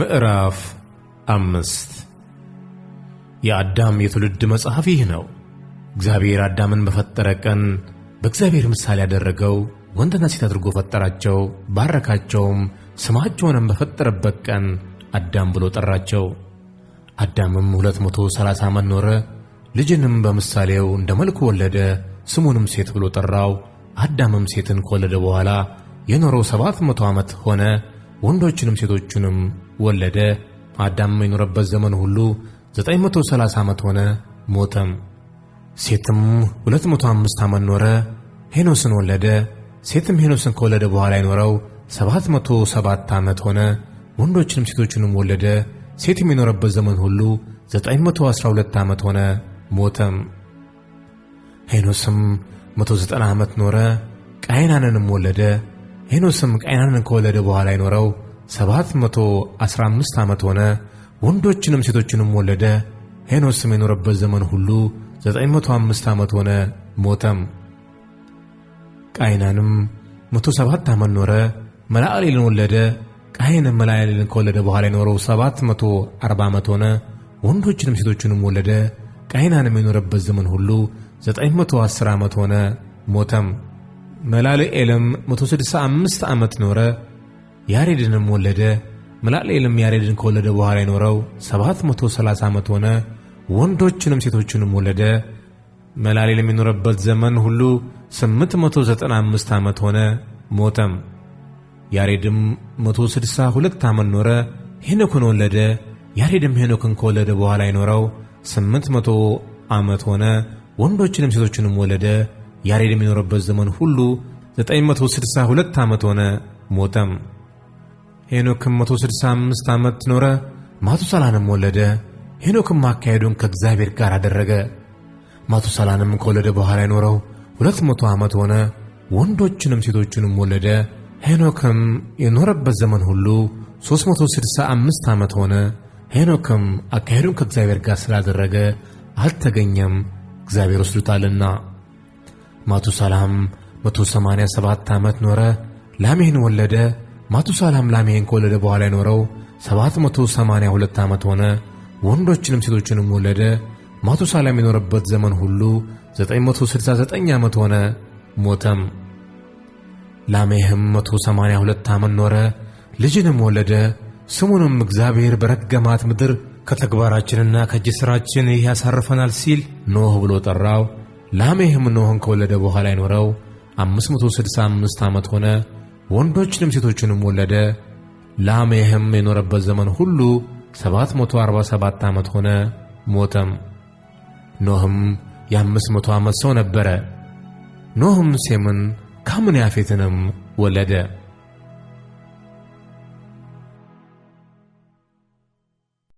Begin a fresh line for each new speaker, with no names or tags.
ምዕራፍ አምስት የአዳም የትውልድ መጽሐፍ ይህ ነው። እግዚአብሔር አዳምን በፈጠረ ቀን በእግዚአብሔር ምሳሌ ያደረገው ወንድና ሴት አድርጎ ፈጠራቸው፣ ባረካቸውም። ስማቸውንም በፈጠረበት ቀን አዳም ብሎ ጠራቸው። አዳምም ሁለት መቶ ሰላሳ ዓመት ኖረ፣ ልጅንም በምሳሌው እንደ መልኩ ወለደ፣ ስሙንም ሴት ብሎ ጠራው። አዳምም ሴትን ከወለደ በኋላ የኖረው ሰባት መቶ ዓመት ሆነ፣ ወንዶችንም ሴቶቹንም ወለደ። አዳም የኖረበት ዘመን ሁሉ 930 ዓመት ሆነ፣ ሞተም። ሴትም 205 ዓመት ኖረ፣ ሄኖስን ወለደ። ሴትም ሄኖስን ከወለደ በኋላ የኖረው 707 ዓመት ሆነ፣ ወንዶችንም ሴቶችንም ወለደ። ሴትም የኖረበት ዘመን ሁሉ 912 ዓመት ሆነ፣ ሞተም። ሄኖስም 190 ዓመት ኖረ፣ ቃይናንንም ወለደ። ሄኖስም ቃይናንን ከወለደ በኋላ የኖረው 715 ዓመት ሆነ። ወንዶችንም ሴቶችንም ወለደ። ሄኖስም የኖረበት ዘመን ሁሉ 905 ዓመት ሆነ፣ ሞተም። ቃይናንም 107 ዓመት ኖረ፣ መላእሌልን ወለደ። ቃይንም መላእሌልን ከወለደ በኋላ የኖረው 740 ዓመት ሆነ፣ ወንዶችንም ሴቶችንም ወለደ። ቃይናንም የኖረበት ዘመን ሁሉ 910 ዓመት ሆነ፣ ሞተም። መላልኤልም 165 ዓመት ኖረ ያሬድንም ወለደ። መላልኤልም ያሬድን ከወለደ በኋላ የኖረው 730 ዓመት ሆነ። ወንዶችንም ሴቶችንም ወለደ። መላልኤልም የሚኖረበት ዘመን ሁሉ 895 ዓመት ሆነ፣ ሞተም። ያሬድም 162 ዓመት ኖረ፣ ሄኖክን ወለደ። ያሬድም ሄኖክን ከወለደ በኋላ የኖረው 800 ዓመት ሆነ፣ ወንዶችንም ሴቶችንም ወለደ። ያሬድም የሚኖረበት ዘመን ሁሉ 962 ዓመት ሆነ፣ ሞተም። ሄኖክም 165 ዓመት ኖረ፣ ማቱሳላንም ወለደ። ሄኖክም አካሄዱን ከእግዚአብሔር ጋር አደረገ። ማቱሳላንም ከወለደ በኋላ የኖረው 200 ዓመት ሆነ፣ ወንዶችንም ሴቶችንም ወለደ። ሄኖክም የኖረበት ዘመን ሁሉ 365 ዓመት ሆነ። ሄኖክም አካሄዱን ከእግዚአብሔር ጋር ስላደረገ አልተገኘም፣ እግዚአብሔር ወስዶታልና። ማቱሳላም 187 ዓመት ኖረ፣ ላሜህን ወለደ። ማቱሳላም ላሜን ከወለደ በኋላ የኖረው 782 ዓመት ሆነ። ወንዶችንም ሴቶችንም ወለደ። ማቱሳላም የኖረበት ዘመን ሁሉ 969 ዓመት ሆነ፣ ሞተም። ላሜህም 182 ዓመት ኖረ፣ ልጅንም ወለደ። ስሙንም እግዚአብሔር በረገማት ምድር ከተግባራችንና ከእጅ ሥራችን ይህ ያሳርፈናል ሲል ኖህ ብሎ ጠራው። ላሜህም ኖህን ከወለደ በኋላ የኖረው 565 ዓመት ሆነ። ወንዶችንም ሴቶችንም ወለደ። ላሜህም የኖረበት ዘመን ሁሉ 747 ዓመት ሆነ፣ ሞተም። ኖህም የአምስት መቶ ዓመት ሰው ነበረ። ኖህም ሴምን ካምን ያፌትንም ወለደ።